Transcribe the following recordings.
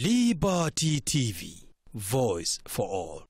Liberty TV, voice for all.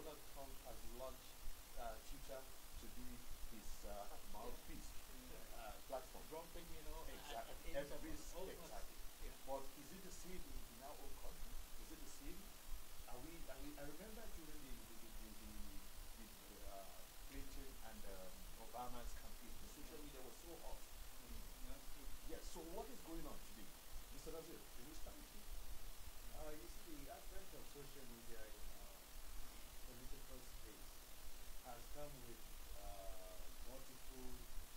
brother come as lunch uh, teacher to be his uh, mouthpiece uh, platform. Dropping, you know, exactly. At, at Every exactly. Yeah. But is it the same in, in our own country? Is it the same? Are we? Are we I remember during the the, the, the, the, the uh, Clinton and um, Obama's campaign, the social media was so hot. Mm. Yeah. Yes. So what is going on today, Mr. Nazir? Can you start with me? Uh, you see, the advent of social media is has come with uh, multiple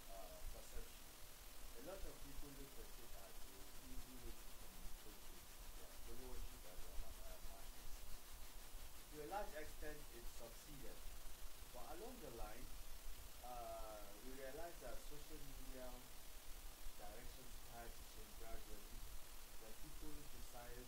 uh, perceptions. A lot of people look at it as an easy way to communicate with worship as a matter To a large extent, it succeeded. But along the line, uh, we realized that social media direction started to change gradually, that people decided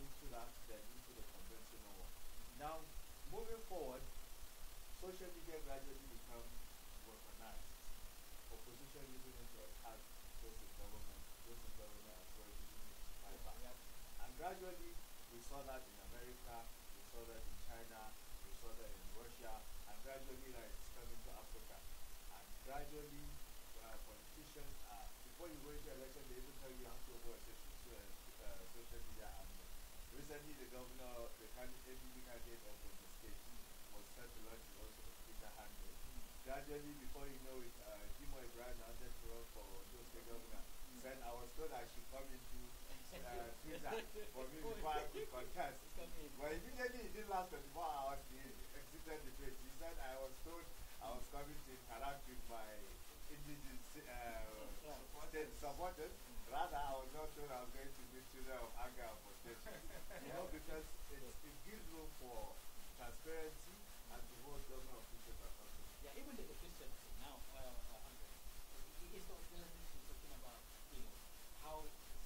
into that than into the conventional one. Now, moving forward, social media gradually becomes weaponized. Opposition using it to attack those in government, those in government as well using it to fight back. And gradually, we saw that in America, we saw that in China, we saw that in Russia, and gradually now it's coming to Africa. And gradually, uh, politicians are, before you go into election, they even tell you how to avoid social uh, media and Recently, the governor, the APC candidate of the state, was set to launch his own speaker handle. Gradually, before you know it, uh, Jimo Ibrahim wanted to run for just the Governor. Mm. Then I was told I should come into uh, Twitter for me before I could contest. But immediately, it didn't last 24 hours. He exited the page. He said, I was told I was coming to interact with my indigenous uh, state supporters. Rather, I was not sure I was going to be children of anger and frustration. you know, because it, it gives room for transparency and the whole government of Christians are talking. Yeah, even the efficiency now, uh, uh, Andre, it is not just talking about, you know, how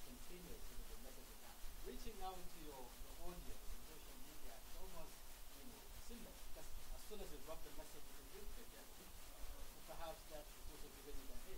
continuous you know, the message is that. Reaching out to your, your audience on social media is almost, you know, similar. Because as soon as you drop the message, you can reach it, perhaps that's also preventing them. Hey,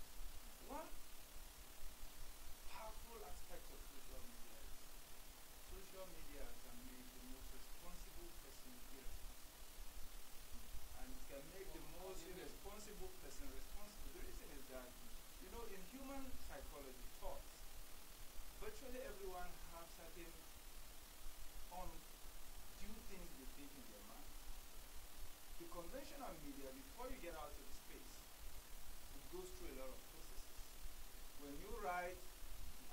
one powerful aspect of social media is social media can make the most responsible person irresponsible. And can make the most irresponsible person responsible. The reason is that, you know, in human psychology, thoughts, virtually everyone has certain undue things they think in their mind. The conventional media, before you get out of the space, it goes through a lot of when you write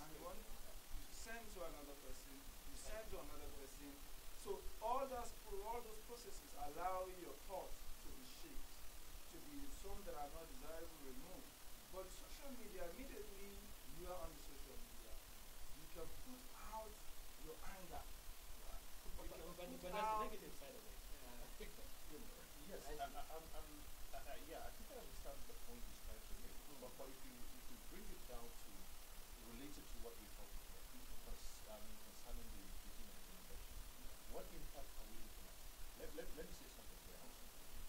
and you want to send to another person, you send to another person. So all those all those processes allow your thoughts to be shaped, to be some that are not desirable removed. But social media immediately you are on social media. You can put out your anger. But, that's the negative side of it. Uh, yes, I, am yeah, I think I understand the point but, but if, you, if you bring it down to related to what we're talking about, I mean, concerning the regime implementation, what impact are we looking at? Let, let, let me say something here.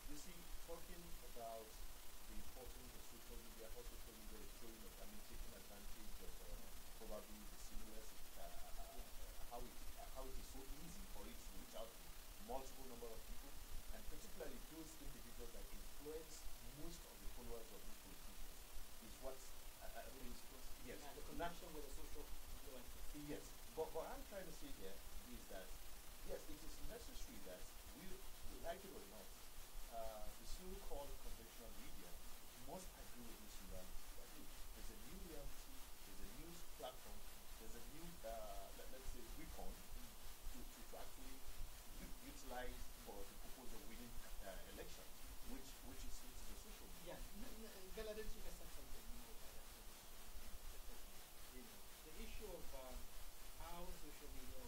You see, talking about the importance of social media, how social media is showing up, I mean, taking advantage of uh, probably the seamless, uh, uh, uh, how, it, how it is so easy for it to reach out to multiple number of people, and particularly those individuals that influence most of the followers of this what's, uh, uh yes. Yeah, the connection with the social influences. Yes, but what I'm trying to say here is that, yes, it is necessary that we, we like it or not, uh, the so-called conventional media must agree with this reality. There's a new reality, there's a new platform, there's a new, uh, let, us say, weapon to, to, to actually utilize for the purpose of winning uh, elections, which, which is, which is a social media. Yeah, Galadin, you can something the issue of uh, how social media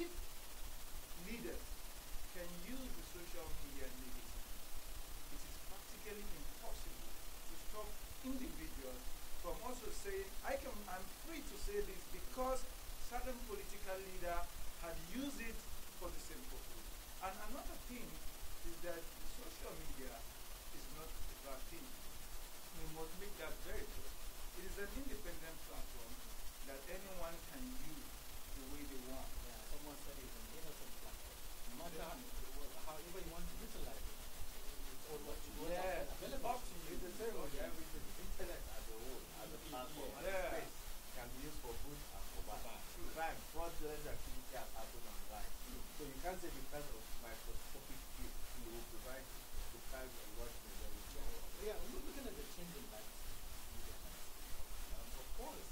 if leaders can use the social media negatively, it is practically impossible to stop individuals from also saying, I can, I'm free to say this because certain political leader had used it for the same purpose. And another thing is that social media is not a bad thing. We must make that very clear. It is an independent platform that anyone can use the way they want someone said an innocent flag. No matter however you want to utilize it, or what yeah. the ceremony, yeah, with the intellect as a whole, as a platform, yeah. as a space, can be used for good and for bad. Crime, fraudulent activity has happened online. Mm. So you can't say because of microscopic view, you will provide the time and watch. the Yeah, we're looking at the changing landscape. Um, of course,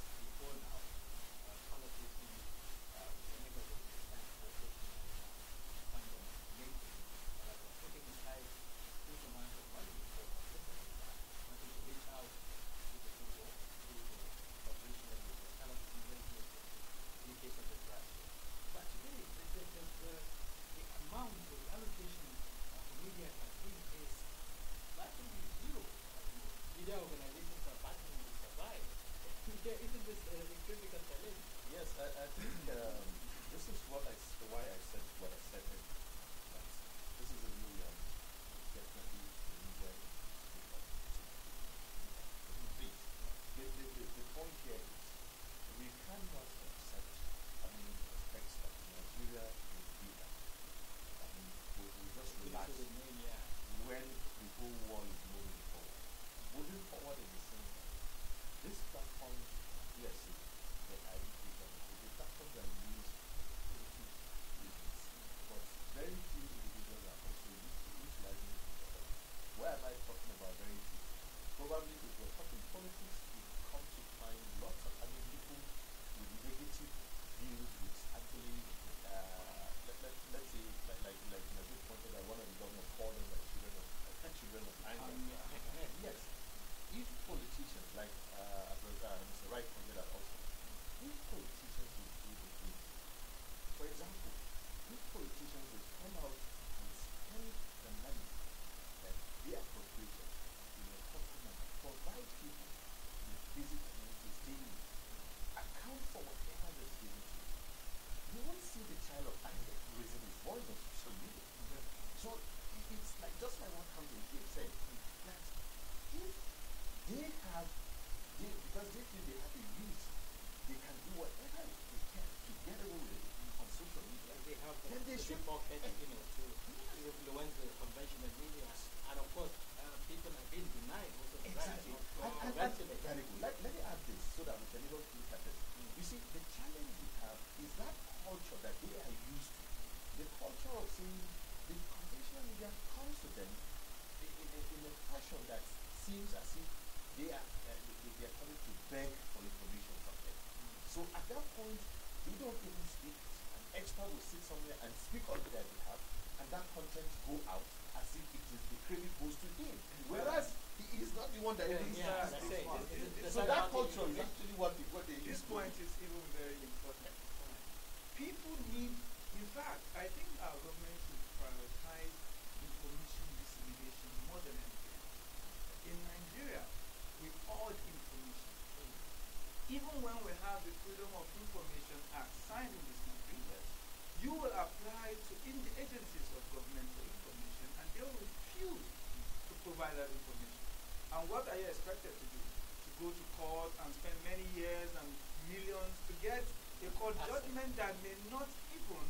judgment that may not even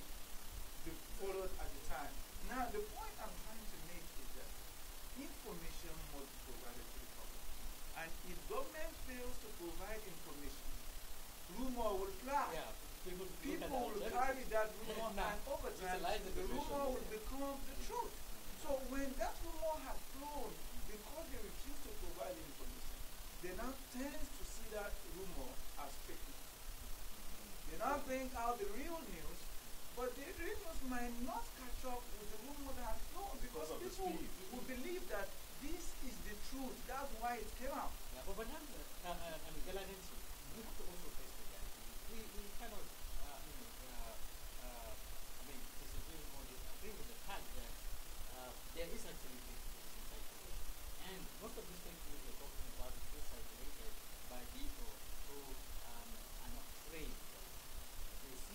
be followed at the time. Now, the point I'm trying to make is that information must be provided to the public. And if government fails to provide information, rumor will fly. Yeah, people, people will that carry that rumor, and over time, the rumor will become the truth. So when that rumor has flown because they refuse to provide information, they now tend to see that rumor as fake you now bring out the real news, but the real news might not catch up with the rumor that has flown because people will believe that this is the truth. That's why it came out. Yeah, but Bernard uh, uh, and uh, Galanensi, we have to also face the reality. We, we cannot, uh, you know, uh, uh, I mean, disagree or disagree with the fact that uh, there is actually fake news in circulation. And most of these fake news are talking about is circulated by people who um, are not trained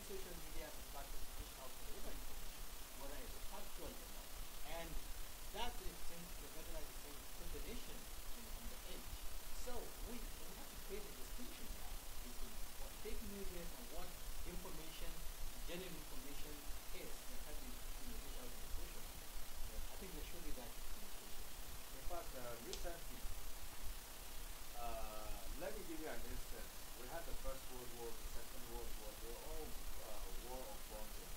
social media but to push out whatever information, whether it's factual or not. And that is things to whether I say combination the on the edge. So we, we have to create a distinction now between what fake news is and what information, genuine information is that has been you know, out in the social media. Yeah, I think there should be that distinction. In fact, uh, recently, uh, let me give you an instance. We had the First World War, the Second World War, they were all world, won't it?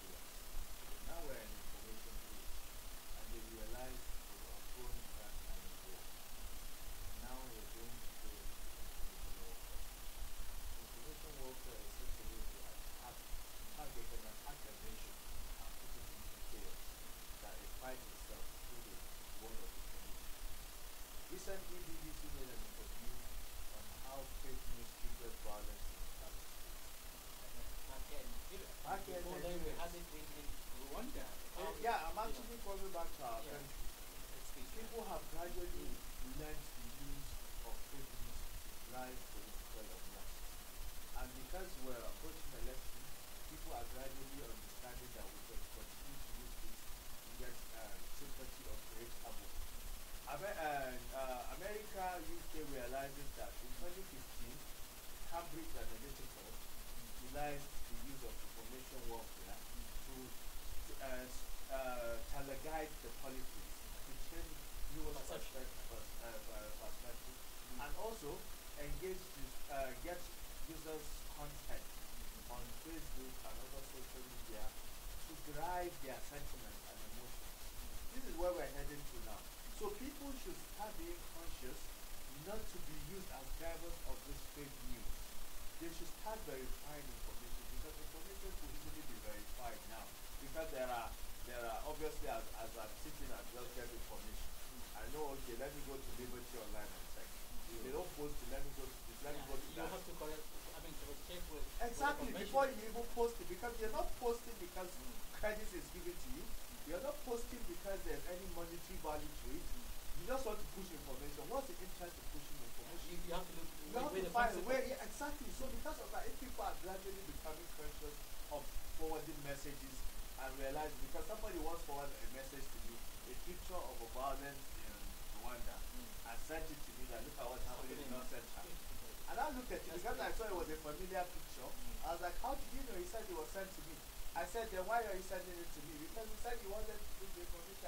messages and realize because somebody once forwarded a message to me, a picture of a violence in um, Rwanda, mm. and sent it to me that look at what's happening in Northern Central. And I looked at it because I saw it was a familiar picture. Mm. I was like, how did you know? He said it was sent to me. I said, then why are you sending it to me? Because he said he wanted to do the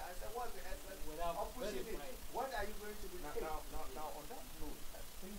I said, what's the essence of pushing it? What are you going to do? Now, now, now, now, on that note, I think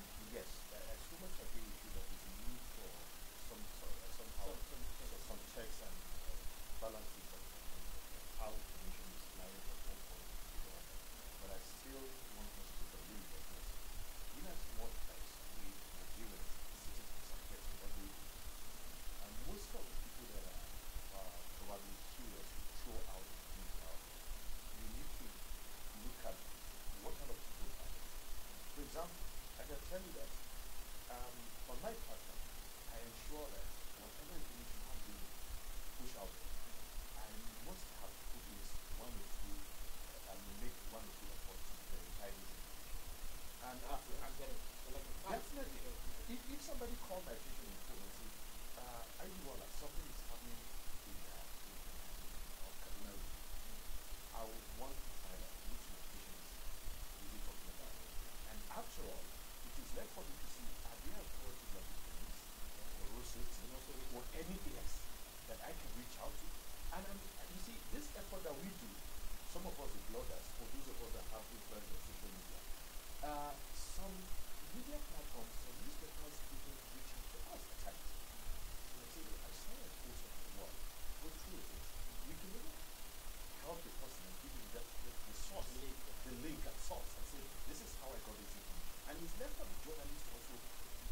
the journalists also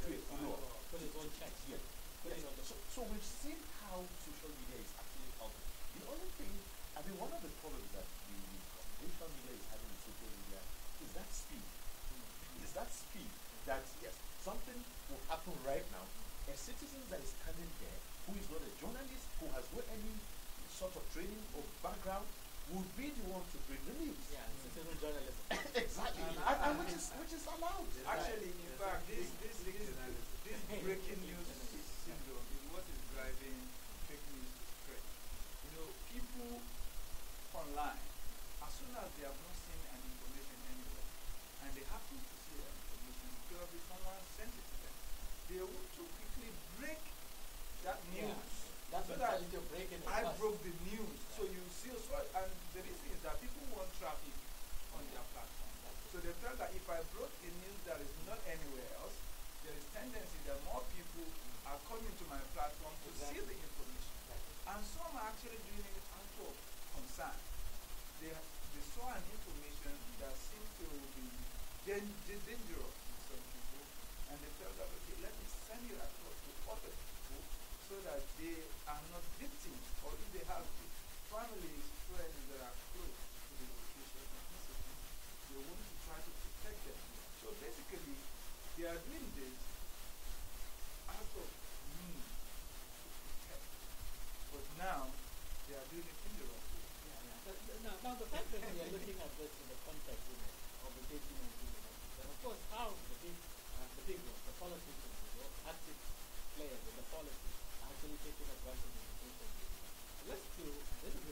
do a follow up. Because it's Yes. So, so we've seen how social media is actually helping. The only thing, I mean, one of the problems that the conventional media is having with social media is that speed. Mm. Is that speed that, yes, something will happen right now. A citizen that is standing there, who is not a journalist, who has no any sort of training or background, would be the one to bring the news. Yeah, journalism. exactly, and, and, and, uh, which is which is allowed. Actually, in fact, this this this, this breaking news syndrome is what is driving fake news to spread. You know, people online, as soon as they have not seen an information anywhere, and they happen to see an information, probably someone sent it to them, they want to quickly break that news. Yeah. That's so that I broke the news. So you see, so and the reason is that people want traffic on their platform. So they felt that if I brought a news that is not anywhere else, there is tendency that more people are coming to my platform to exactly. see the information. And some are actually doing it out of concern. They, they saw an information that seemed to be dangerous to some people, and they felt that, okay, let me send it across to other people so that they are not victims, or if they have families friends that are close to the location ethnicity, you're to try to protect them. So basically, they are doing this out of need to protect. But now, they are doing it in the wrong way. Yeah, yeah. now, now, the fact that we are looking at this in the context you know, of the dating and and of course, how the big, uh, the big ones, the politicians, active players in the policy actually taking advantage of the situation. Let's do, this is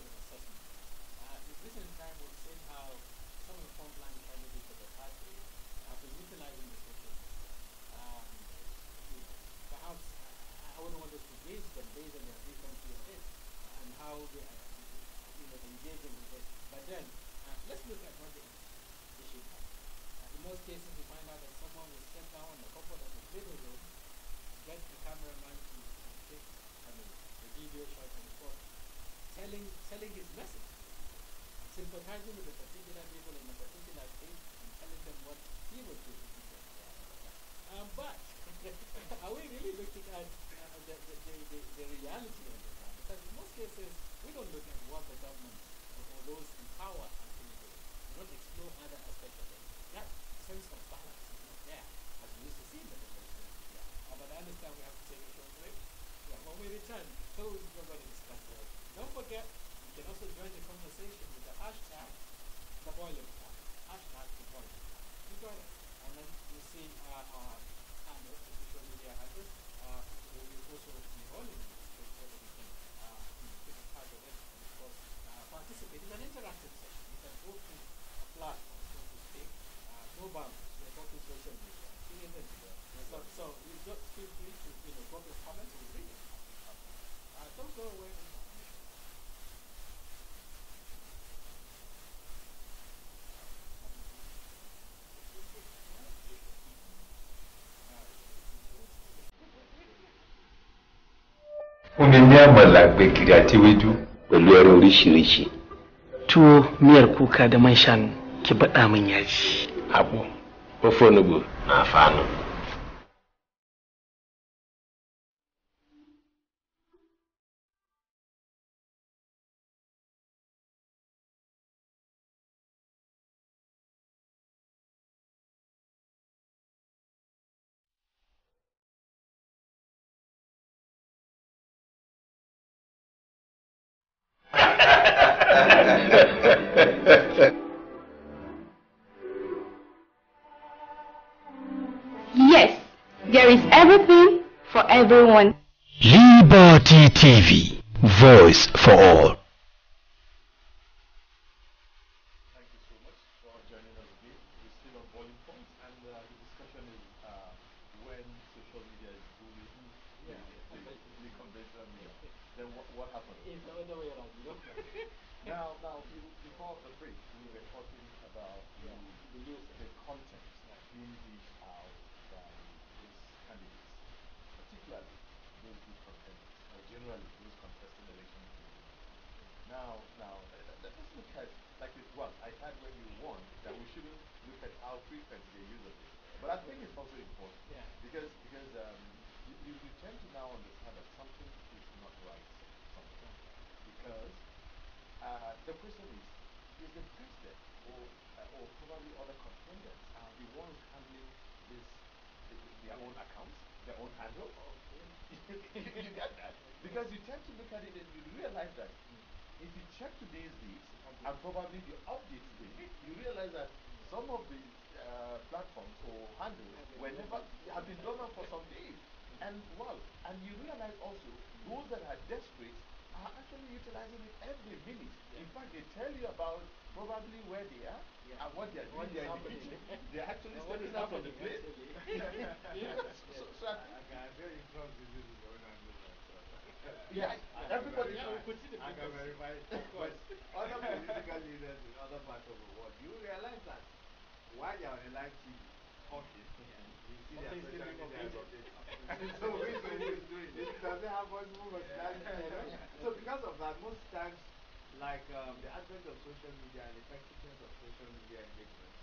fún mi la àmàlà kiri àti ewédú. pẹ̀lú ẹran oríṣiríṣi. tuwo miyar kuka da man shanu ki baɗa min yaji. abu ofo nugu na afanu. yes, there is everything for everyone. Liberty TV, voice for all. Yeah, everybody yeah, should consider I can verify it. Of other political leaders in other parts of the world, you realize that while you're on a live TV, okay, you see okay, their social media updates. so which one is doing? It doesn't have multiple personalities. So because of that, most times, like um, the advent of social media and effectiveness of social media engagement,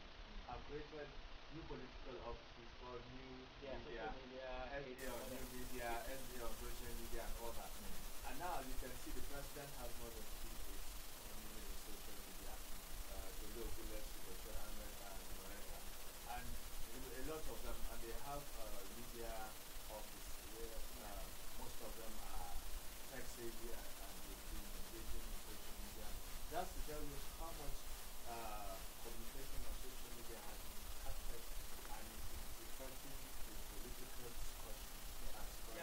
have created new political offices for new yeah. media, media, SDL, new media, SDL, social media, and all that. Mm. And now you can see the president has more than three days on using social media, uh, the local legislature, and whatever. And a lot of them, and they have a uh, media office where uh, most of them are tech savvy uh,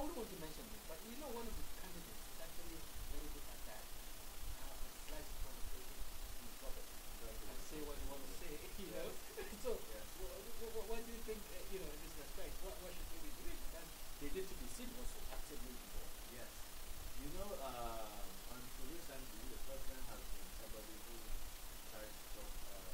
I don't want to mention this, but you know one of the candidates is actually very good at that. Uh, slice the conversation and say what you want to say, you yeah. know? so, yeah. what, what, do you think, uh, you know, in this respect, what, what should they be doing? And they did to be seen also actively involved. Yes. You know, uh, this recently, the president has been somebody who tries to talk. Uh,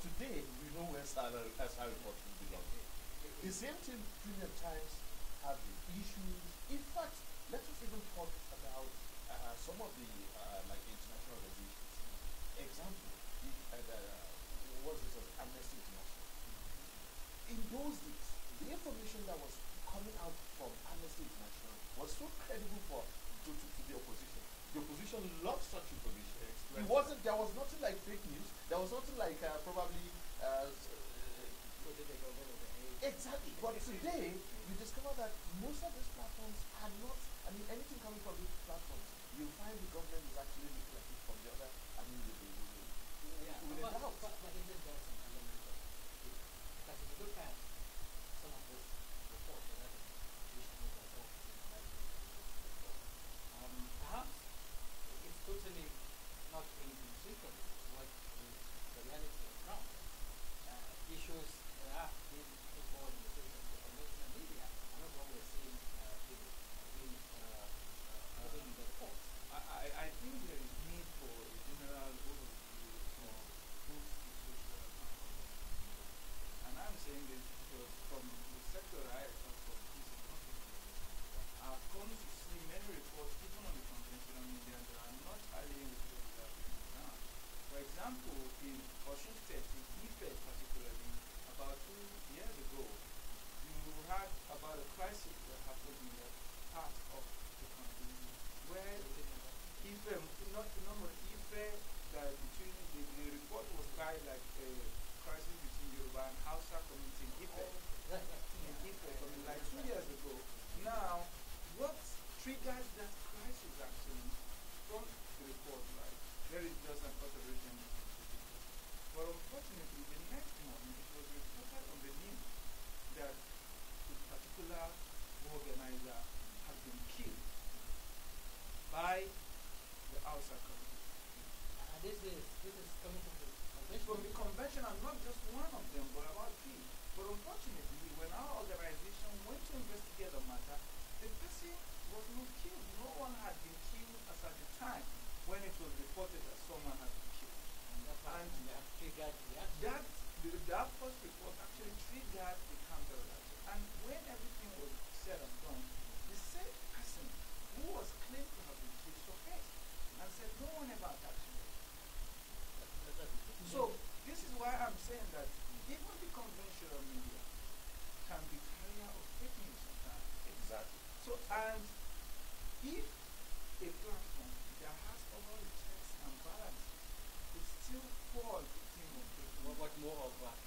today, we know where SRI, SRI reporting belongs. The same thing previous times have been issues. In fact, let us even talk about uh, some of the uh, like international organizations. Example, uh, the, uh, the, Amnesty International. In those days, the information that was coming out from Amnesty International was so credible for to, to, to the opposition. The opposition loves such information. It wasn't. There was nothing like fake news. There was nothing like uh, probably. Uh, exactly. But today, you discover that most of these platforms are not. I mean, anything coming from these platforms, you find the government is actually looking at from the other. I mean, the, the, the, yeah. But, but, but, but there's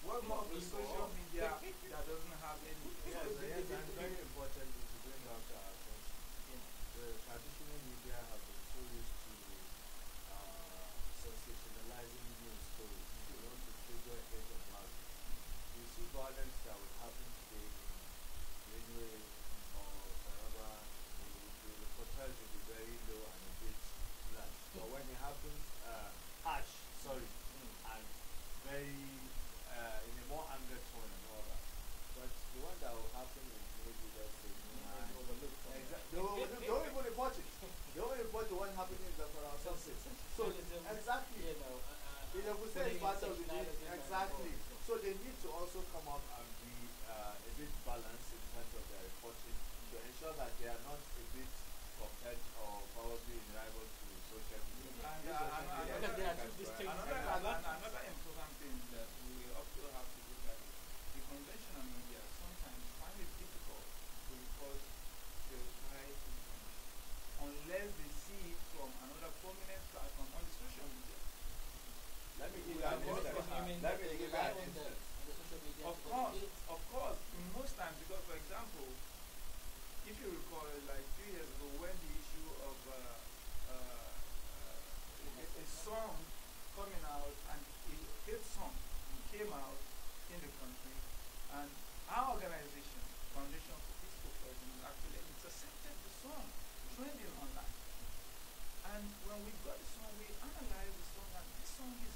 What more for social media that doesn't have any? Yes, yes, and very important. to bring out our attention. The traditional media have been so used to uh, sensationalizing news stories. You want to trigger out of violence. You see violence that would happen today in Railway or Taraba, the, the reportage will be very low and a bit blunt. But when it happens, uh, harsh, sorry, mm. and very uh, in a more angered tone and all that. But the one that will happen is maybe let's say no man. Overlook exactly. They don't even report it. They only report the one happening that for ourselves. sources. So exactly. You know, uh, uh, the say is part of the exactly. So they need to also come up and be uh, a bit balanced in terms of their reporting to ensure that they are not a bit compared or probably in rival to social media. And, uh, another, another, another unless they see it from another prominent on social media. Let me give you an Let me give you an Of course, of course, most times because, for example, if you recall, like two years ago, when the issue of uh, uh, a, a, song coming out and a hit song came out in the country, and our organization, Foundation for Peaceful Presence, actually intercepted the song trending online. And when we got the song, we analyzed the song, and this song is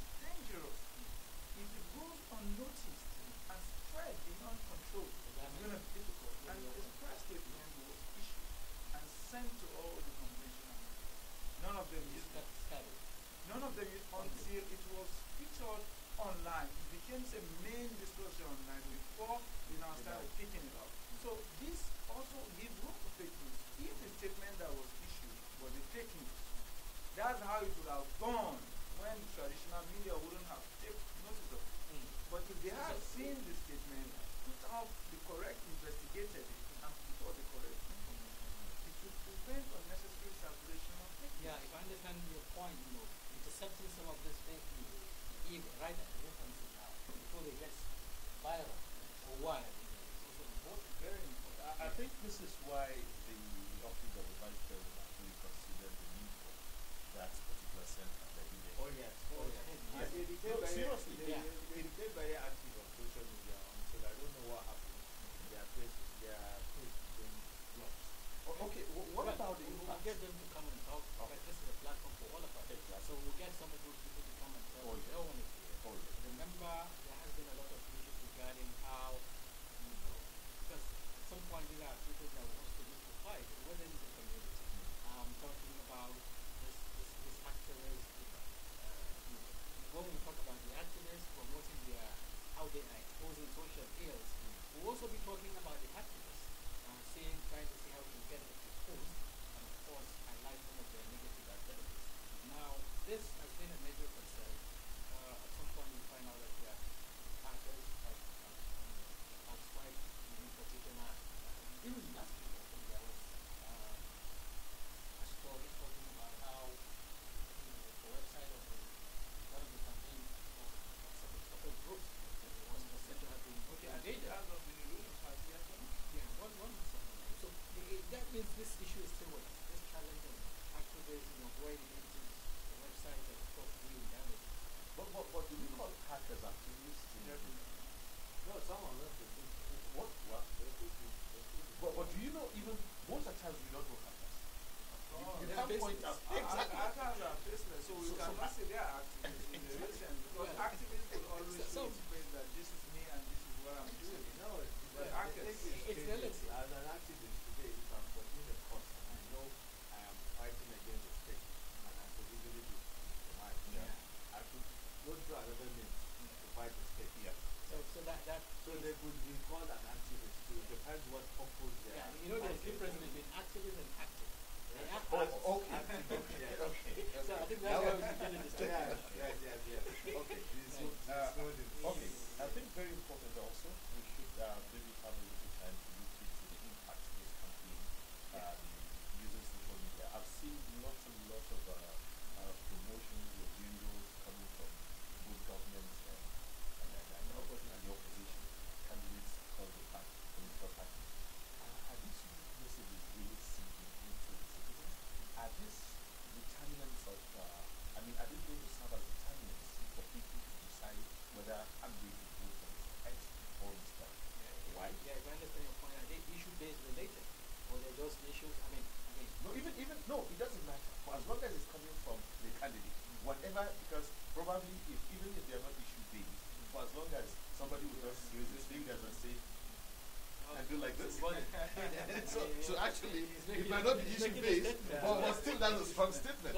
might not be issue based, but, but still that's a strong statement.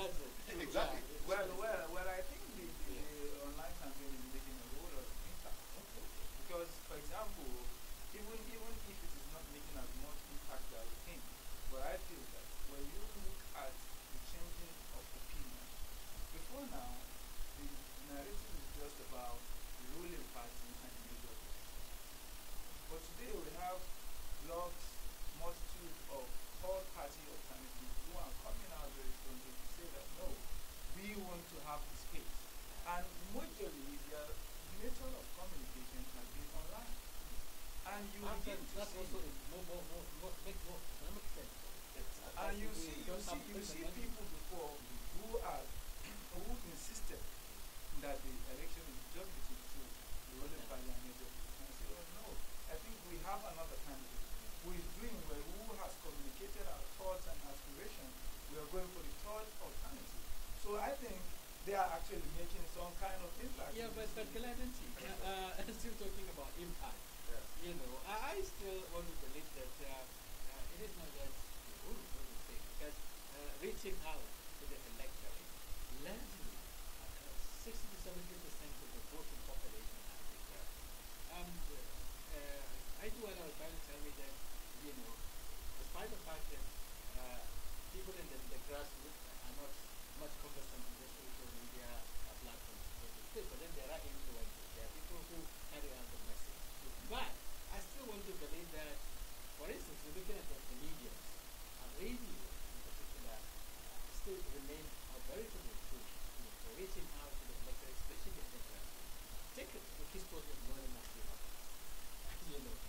Exactly. Well, well, well, I think. space. And majorly, the method of communication has been online. And you and begin to that's see... also more, more, more, make more economic sense. And you see, you see, you see people before who are who insisted that the election is just between two, the ruling party and major. And I say, well, oh, no, I think we have another candidate who is doing well, who has communicated our thoughts and aspirations. We are going for the third alternative. So I think they are actually making some kind of impact. Yeah, but, but Gladdensi, uh, uh, still talking about impact. You know, I, I still to believe that uh, uh, it is not just. the what you say, because uh, reaching out to the electorate, largely uh, 60 to 70 percent of the voting population in Africa. And uh, I do allow time to tell me that, you know, despite the fact that people in the, the grassroots are not much focus on the social media platforms. But then there are influencers. There are people who carry out the message. But I still want to believe that, for instance, we're looking at the media, and radio in particular, uh, still remain a veritable push you know, for reaching out to the electorate, especially the electorate. Take it, the kids' program, learning you know.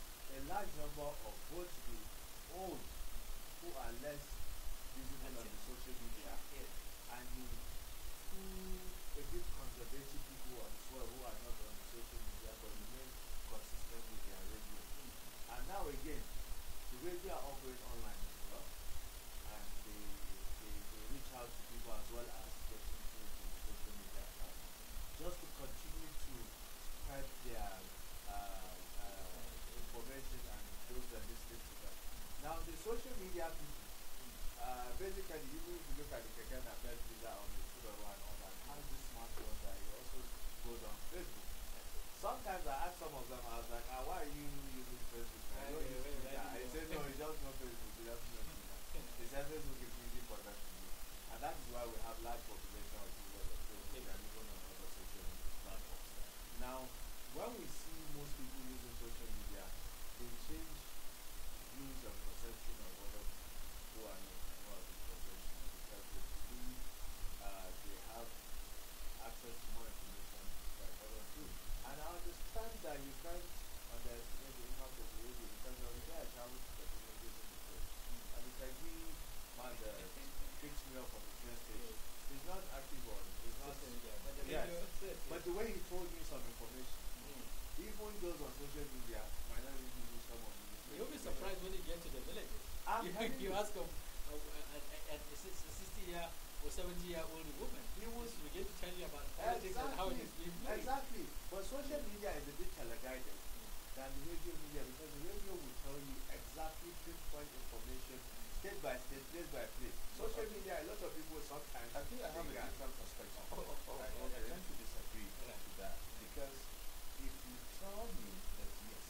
a large number of both the old who are less visible on the social media and the hmm, a bit conservative people as well who are not on the social media but remain consistent with their radio. And now again, the radio are operating online as well and they, they, they reach out to people as well as getting through the social media just to continue to spread their information and those that listen to that. Now, the social media people, uh, basically, even if you look at the Keken Abed Visa on the Twitter and all that, and this one that he also goes on Facebook. Sometimes I ask some of them, I was like, ah, why are you using Facebook? I don't use Twitter. I said, no, it's just not Facebook, it's just not Twitter. They said Facebook is easy for that, to use. And that is why we have large population of users of Facebook and even on other social media platforms. Now, when we see most people using social media, they change views and perception of what who are not about the perception because they believe uh, they have access to more information than other do. And I understand that you can't underestimate the impact of the radio because of the guy that you guys communities in the field. And it's like we, man, uh, the picks me up on the train station. He's not active on, he's not, there. but the way he told You'll be surprised when you get to the villages. you, you ask a, a, a, a, 60 year or 70 year old woman, he will begin to tell you about politics exactly. and how it is being played. Exactly. But social media is a bit teleguided than the radio media because the radio will tell you exactly pinpoint information state by state, place by place. Social okay. media, a lot of people sometimes. I think I have a different perspective. Oh, oh, oh, I, okay. I tend to disagree to that problem that yes,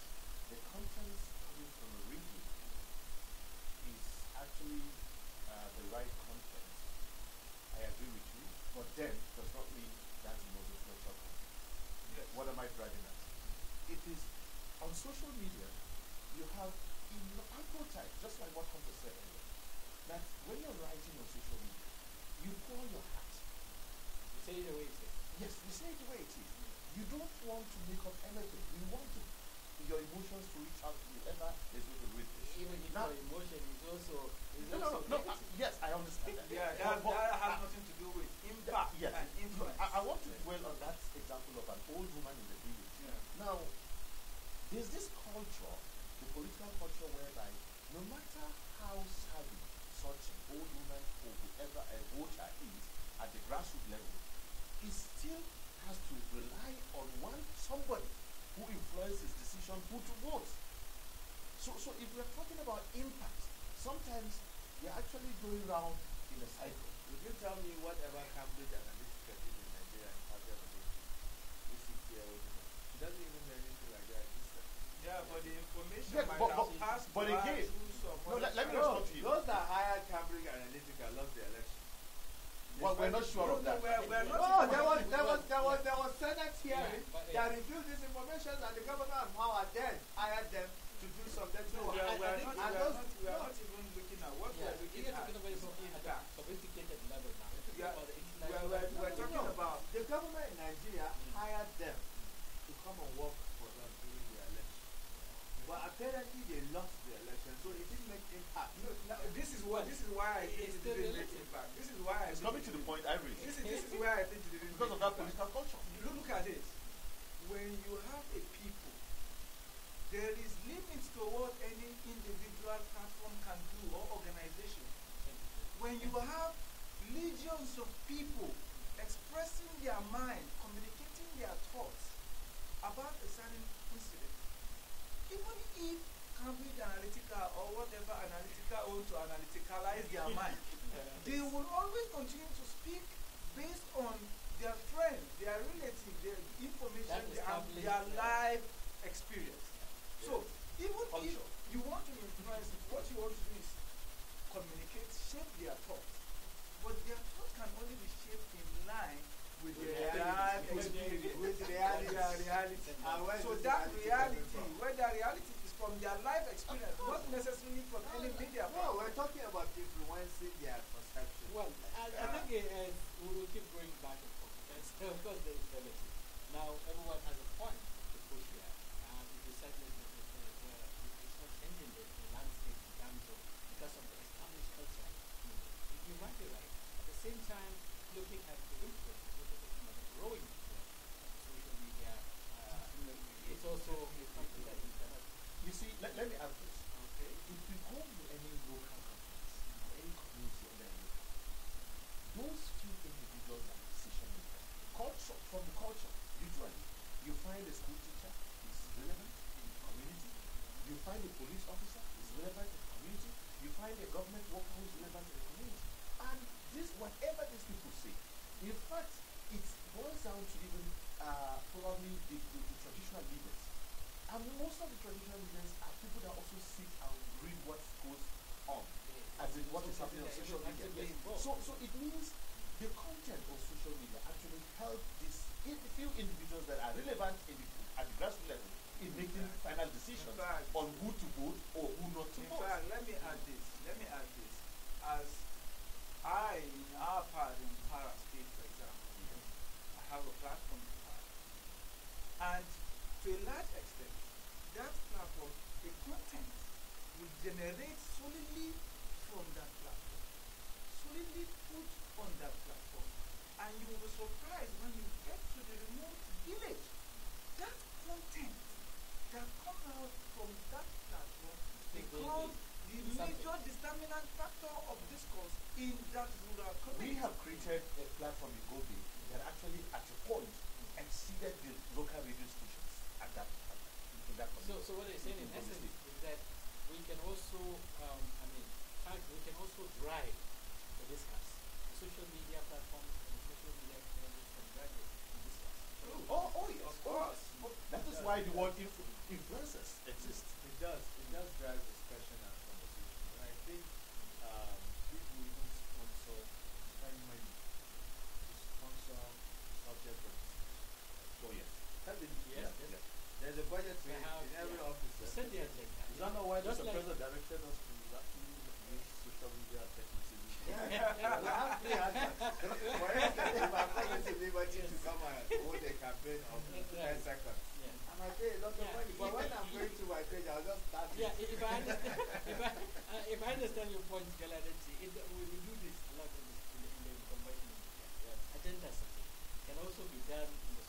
the contents coming from a region is actually uh, the right content. I agree with you, but then does not mean that's the most influential content. Yes. What am I driving at? It is on social media. You have in ample time, just like what Hunter said earlier, that when you're writing on social media, you pour your hat. You say it the way it is. Yes, you say it the way it is you don't want to make up anything. You want to, your emotions to reach out to you. And that is what the with Even if your emotion is also. Is no, also no, no, no. I, uh, yes, I understand that. Yeah, that, but, that has I, uh, nothing to do with impact yes, and influence. I, I want to dwell on that example of an old woman in the village. Yeah. Now, there's this culture, the political culture, whereby no matter how savvy such an old woman or whoever a voter is at the grassroots level, is still has to rely on one somebody who influences decision who to vote. So, so if we're talking about impact, sometimes we're actually going round in a cycle. Would you tell me whatever happened at same time, looking at the input, so the growing social media, uh, it's also something that you cannot. You see, let, let me ask this. Okay. If you go to any local companies, any community any those few individuals are decision makers. Culture, from culture, usually, you find a school teacher is relevant in the community. You find a police officer is relevant in the community. You find a government worker who is relevant in the community. And this, whatever these people say, in fact, it boils down to even uh, probably the, the, the traditional leaders. And most of the traditional leaders are people that also sit and read what goes on, yeah, as in what is happening on social media. Yes. So, so it means the content of social media actually helps these few individuals that are relevant in the, at the grassroots level in making final decisions fact, on who to vote or who not to in vote. Fact, let me add this. Let me add this. As I, in our part in Para State, for example, I have a platform in Para. And to a large extent, that platform, the content will generate solely from that platform, solely put on that platform. And you will be surprised when you get to the remote village in that rural community. We have created a platform in Gobi that actually, at a point, exceeded the local radio stations at that, at, in that community. So, so what they're saying in, in essence is that we can also, um, I mean, we can also drive the discuss. The social media platforms and the social media platforms can drive the discuss. Oh, oh, oh, yes, of course. That is why the word influencers exists. There's a budget to have in every yeah. office. Immediately. Is that not why Just the like president directed us to use social media technology? Yeah, have three For instance, if I'm going to liberty to come and hold a campaign of 10 seconds, I might pay a lot of money. But when I'm going to my page, I'll just start. Yeah, if I understand, if I, understand your point, Galadensi, we do this a lot in the information media. Agenda setting can also be done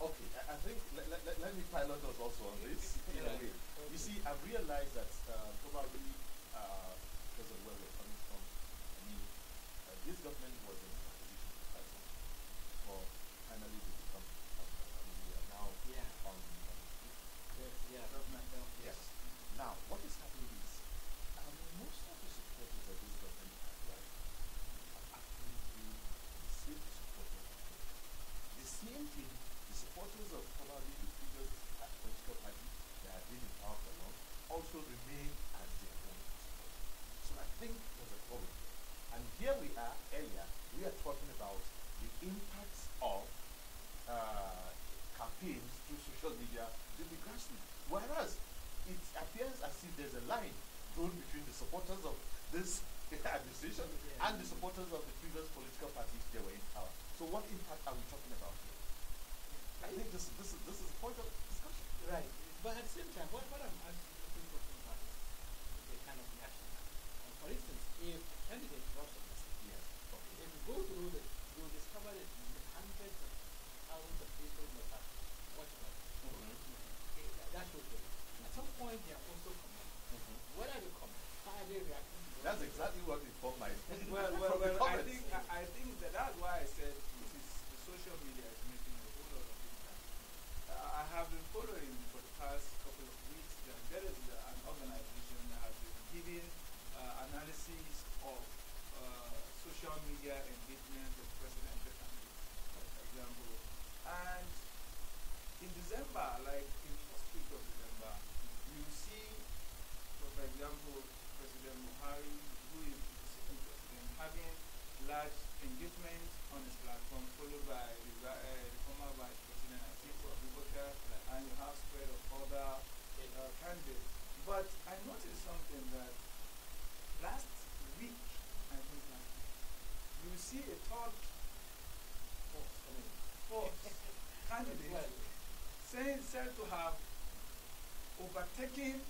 Okay, I, I think let, let, let, me pilot us also on this in a way. You see, I've realized that uh, probably uh, because of where we're coming from, I mean, uh, this government was in a position to fight for finally to become. Uh, I mean, we are now yeah. on. on yes, yeah, government. Yes. Now, what is happening is um, most of the supporters of this government has right are actually doing the same supporters. The same thing supporters of probably the previous political party that have been in power for long also remain as their own supporters. So I think there's a problem. And here we are earlier, we are talking about the impacts of uh, campaigns through social media to the grassroots. Whereas it appears as if there's a line drawn between the supporters of this administration yeah. and the supporters of the previous political parties they were in power. So what impact are we talking about here? I think this, this, is, this is a point of discussion. Right. But at the same time, what, what I'm actually looking for is the kind of reaction. And for instance, if a candidate drops a message, yes. okay. if you go through it, you'll discover that hundreds of thousands of people will have watched that. that, should be At some point, they are also coming. Mm -hmm. What are the comments? How are they reacting? That's exactly what informed my well, well, well, I've been following for the past couple of weeks that there is an organization that has been giving uh, analysis of uh, social media engagement of President candidates, for example. And in December, like in the first week of December, you see, for example, President Buhari, who is the second president, having large engagement on his platform, followed by the, uh, the former vice People of Rebecca, and you have spread of other uh, candidates. But I noticed something that last week, I think, like, you see a third force, force candidate well. saying said to have overtaken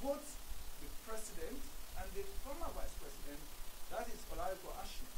both the president and the former vice president, that is Olaripo Ashim.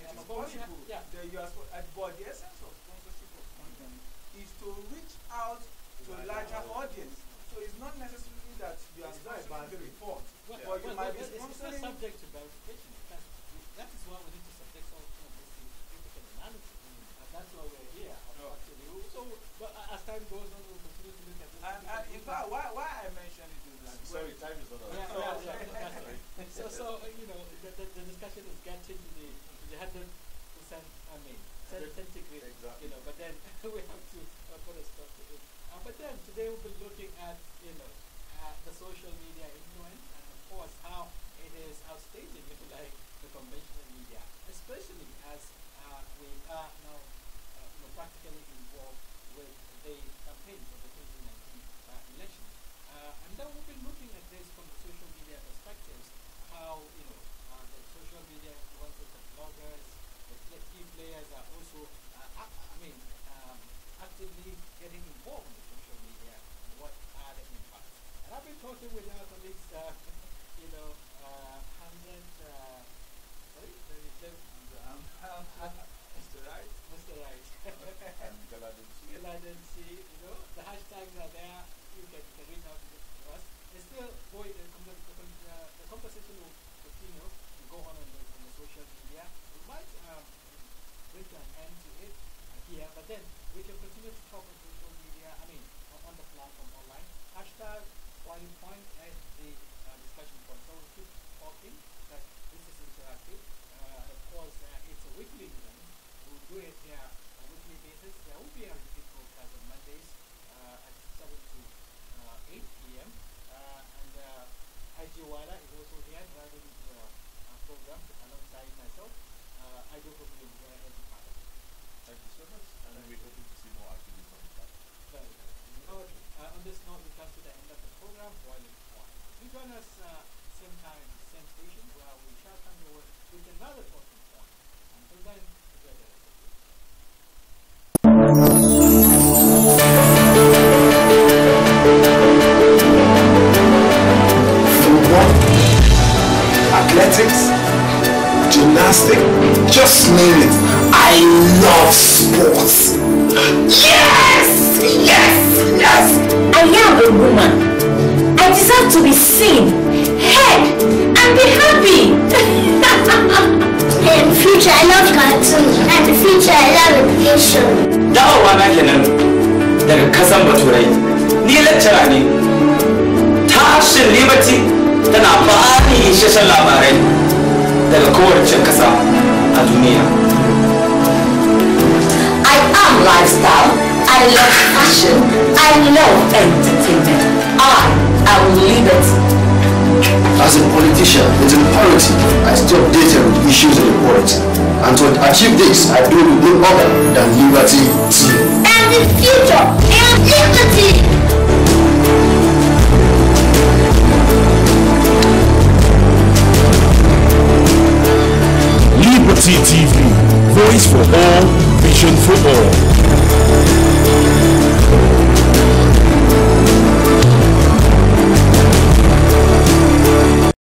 possible. yeah. the, you are, but the essence of sponsorship of content is to reach out to a larger audience. So it's not necessarily that you are sponsoring the report, well, but you well, might well, be sponsoring... It's subject to verification. That's, why we need to subject all of this to critical analysis. And that's why we're here. No. Oh. So but as time goes on, we'll continue to look at this. And, and in fact, why, why I mentioned it is that... Sorry, time is not on. Yeah, yeah, yeah, so, so, you know, the, the, the discussion is getting the they had to send. I mean, centigrade, exactly. you know, but then we have to uh, put a stop to it. Uh, but then today we'll be looking at, you know, uh, the social media influence and of course how it is outstaging, if you like, the conventional media, especially as uh, we are now you uh, know, practically involved with the campaign for the 2019 uh, election. Uh, and then we'll be looking at this from the social media perspectives, how, you know, the social media bloggers, the key players are also, uh, I mean, um, actively getting involved in social media and what are the impacts. And I've been talking with our colleagues, uh, you know, uh, Hamzat, uh, sorry, um, um, Mr. Right? Mr. Right. and Galadensi. you know, the hashtags are there, you can, you can reach out to us. It's still boy, the, the, the, uh, the conversation will continue, go on and social media. We might um, bring an end to it here, but then we can continue to talk on social media, I mean, on, on the platform online. Hashtag boiling point as the uh, discussion point. So we keep talking that this is interactive. Uh, of course, uh, it's a weekly